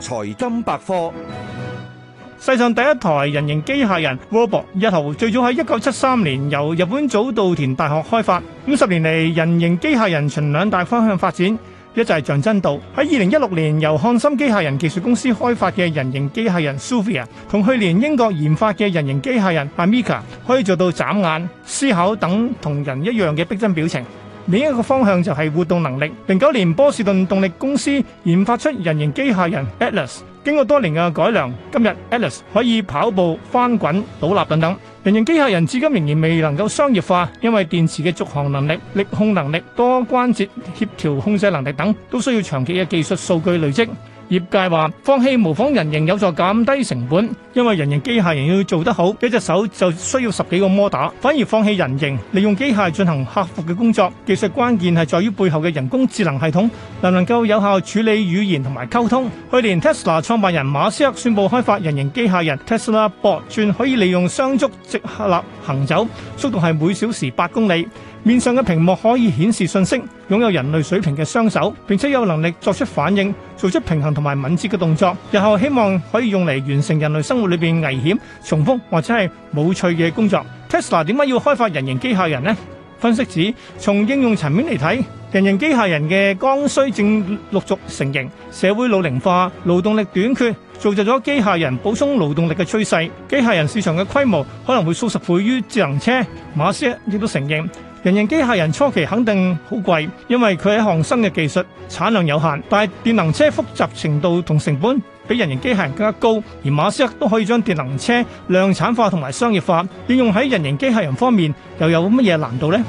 財金百科，世上第一台人形機械人 Robo 一號最早喺一九七三年由日本早稻田大學開發。五十年嚟，人形機械人循兩大方向發展，一就係像真度。喺二零一六年，由漢森機械人技術公司開發嘅人形機械人 Sophia 同去年英國研發嘅人形機械人 Amica 可以做到眨眼、思考等同人一樣嘅逼真表情。另一個方向就係活動能力。零九年波士頓動力公司研發出人形機械人 Atlas，經過多年嘅改良，今日 Atlas 可以跑步、翻滾、倒立等等。人形機械人至今仍然未能夠商業化，因為電池嘅續航能力、力控能力、多關節協調控制能力等，都需要長期嘅技術數據累積。業界話，放棄模仿人形有助減低成本。因為人形機械人要做得好，一隻手就需要十幾個摩打，反而放棄人形，利用機械進行客服嘅工作。技術關鍵係在於背後嘅人工智能系統，能能夠有效處理語言同埋溝通。去年 Tesla 創辦人馬斯克宣布開發人形機械人 Tesla Bot，可以利用雙足直立行走，速度係每小時八公里。面上嘅屏幕可以顯示信息，擁有人類水平嘅雙手，並且有能力作出反應，做出平衡同埋敏捷嘅動作。日後希望可以用嚟完成人類生活，裏邊危險、重複或者係冇趣嘅工作，Tesla 點解要開發人形機械人呢？分析指從應用層面嚟睇，人形機械人嘅剛需正陸續成形，社會老齡化、勞動力短缺，造就咗機械人補充勞動力嘅趨勢。機械人市場嘅規模可能會數十倍於智能車。馬斯克亦都承認。人形機械人初期肯定好貴，因為佢係一項新嘅技術，產量有限，但係電能車複雜程度同成本比人形機械人更加高。而馬斯克都可以將電能車量產化同埋商業化，應用喺人形機械人方面，又有乜嘢難度呢？